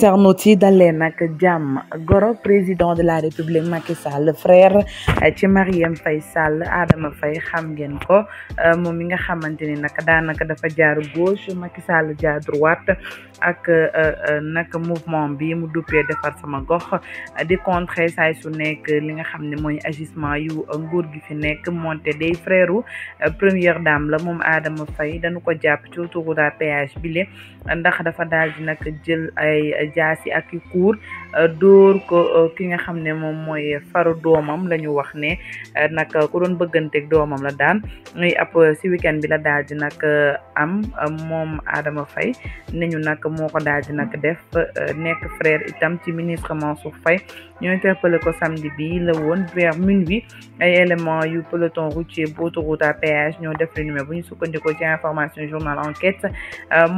internautes yi dalee nag jàmm goro président de la république Macky Sall frère eh, ci Marième Faye Sall Adama Faye xam ngeen ko eh, moom mi nga xamante ni nag daanaka dafa jaar gauche Macky Sall jaar droite ak eh, nag mouvement bi mu duppee defar sama gox di contrer saay su nekk li nga xam ne mooy agissement yu nguur gi fi nekk monté day frère première dame la moom Adama Faye dañu ko jàpp ci autoroute à péage bi ndax dafa daal di nag jël jaasi ak i kuur euh, dóor ko euh, ki nga xam ne moom mooy faru doomam la ñu wax ne euh, nag ku doon bëgganteeg doomam la daan muy ab si bi la daal di nag am moom Adama fay ne ñu nag moo ko daal di nag def nekk frère itam ci ministre Mansour Faye ñoo interpellé ko samedi bi la woon vers minuit yu peloton routier bu autoroute ñoo def lu numé bu ñu sukkandikoo ci information journal enquête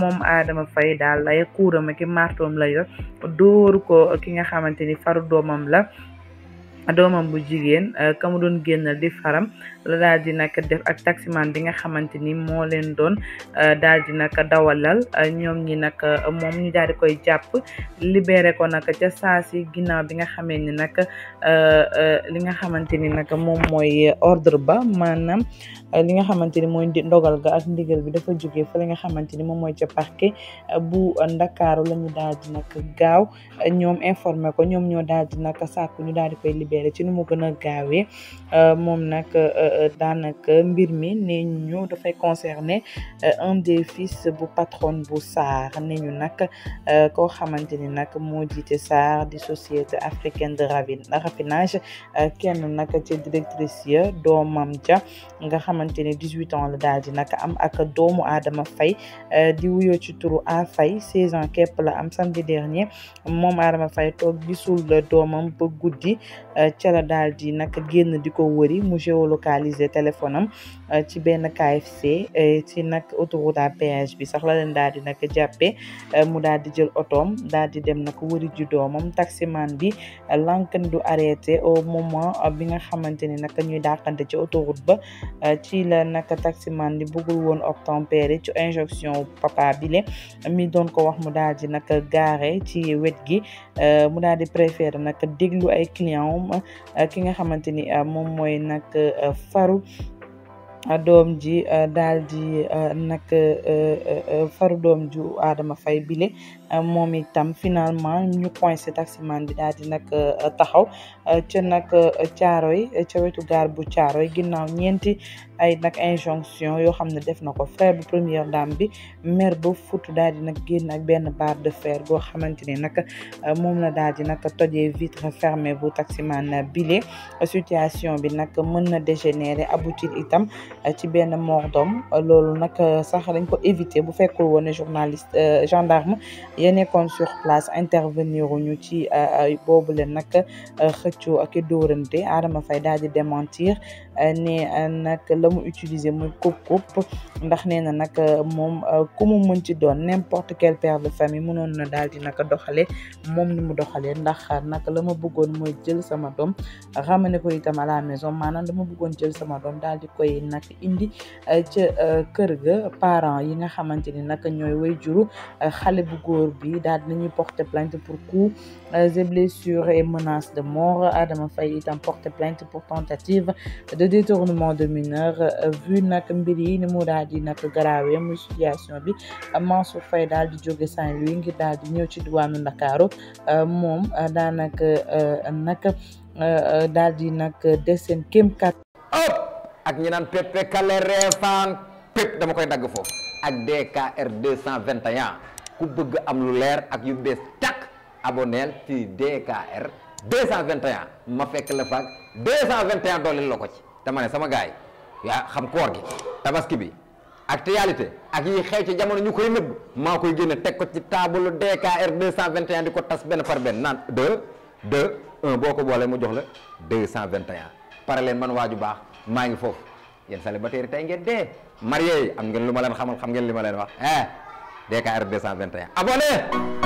moom Adama Faye daal lay kuuram ak martoom la dóor ko ki nga xamante ni faru doomam la doomam bu jigéen euh, kamu doon génnal di faram la daal di naka def ak taximan bi nga xamante ni moo leen doon euh, daal di naka dawalal euh, ñoom ñi naka moom ñi daal di koy jàpp libéré ko naka ca saa si ginnaaw bi nga xamee ni naka li nga xamante ni naka moom mooy ordre ba maanaam li nga xamante ni mooy ndogal ga ak ndigal bi dafa jóge fa li nga xamante ni moom mooy ca parquet bu ndakaaru la ñu daal di naka gaaw ñoom informé ko ñoom ñoo daal di naka sàkku ñu daal di koy libéré ci nu mu gën a gaawee euh, moom nag euh, euh, daanaka mbir mi ne ñu dafay concerner un des fils bu patron bu SAR ne ñu nag koo xamante ni nag moo jiite SAR di société africaine de raffinage kenn nag ci directrice ya doomam ja nga xamante ne dix-huit ans la daal ji nag am ak doomu Adama Faye di wuyoo ci turu A fay seize ans képp la am samedi dernier moom Adama Faye toog gisul doomam ba guddi Euh, ca la daal di nag génn di ko wëri mu géolocalisé téléphone am euh, ci benn KFC euh, ci nag autoroute à péage bi sax la leen daal di nag jàppe mu dal di jël otoom daal di dem nag wëri ju doomam taximan bi lankan du arrêté au moment bi nga xamante ni nag ñuy dàqante ci autoroute ba ci la nag taximan bi bëggul woon obtempérer ci injonction papa bi le mi doon ko wax mu daal di nag gaare ci wet gi mu daal di préféré nag déglu ay client ki nga xamante ni moom mooy nag faru doom ji daal di nag faru doom ju Adama fay bile moom itam finalement ñu coincé taximan bi daal di nag taxaw ca nag caaroy ca wetu gaar bu caaroy ginnaaw ñeenti ay nag injonction yoo xam ne def na ko frère bu première dame bi maire ba futu daal di nag génn ak benn barre de fer boo xamante ni nag moom na daal di nag tojee vitre fermée bu taximan bile situation bi nag mën na dégénérer aboutir itam ci benn mort d'homme loolu nag euh, sax dañ ko éviter bu fekkul woon ne journaliste euh, gendarme ya nekkoon sur place intervenir ñu ci euh, boobu leen nag xëccoo ak dóorante Adama fay daal di démentir ne nag la mu utiliser muy coupe coupe ndax nee na nag moom ku mu mën ci doon n'importe quel père de famille mënoon na daal di naka doxale moom ni mu doxalee ndax nag la ma bëggoon mooy jël sama doom ne ko itam à la maison maanaam dama bëggoon jël sama doom daal di koy nag indi euh, ca euh, kër ga parent yi nga xamante ni nag ñooy way juru euh, xale bu góor bi daal dinañuy porter plainte pour coups et blessures et menaces de mort Adama Faye itam porter plainte pour détournement de mineur euh, vu nag mbir yi ni mu daal di nag garaawee muy situation bi Mansour Faye daal di jóge Saint-Louis ngir daal di ñëw ci duwaanu Ndakaaru euh, moom euh, daanaka nag dal di nag des seen kéem kat ak ñi naan pepe kale reefaan pép dama koy dagg foofu ak DKR 221 ku bëgg am lu leer ak yu bees takk aboneel ci DKR 221 ma fekk la faag 221 dooleel la ko ci dama ne sama gaay yaa xam koor gi tabaski bi actualité ak yi xew ci jamono ñu koy nëbb maa koy génne teg ko ci taabalu vingt 221 di ko tas benn par benn naan 2 2 1 boo ko boolee mu jox la vingt 221 pare leen man waaju baax maa ngi foofu yéen célibataire tey ngeen dee marié yi am ngeen lu ma leen xamal xam ngeen li ma leen wax eh DKR 221 abonné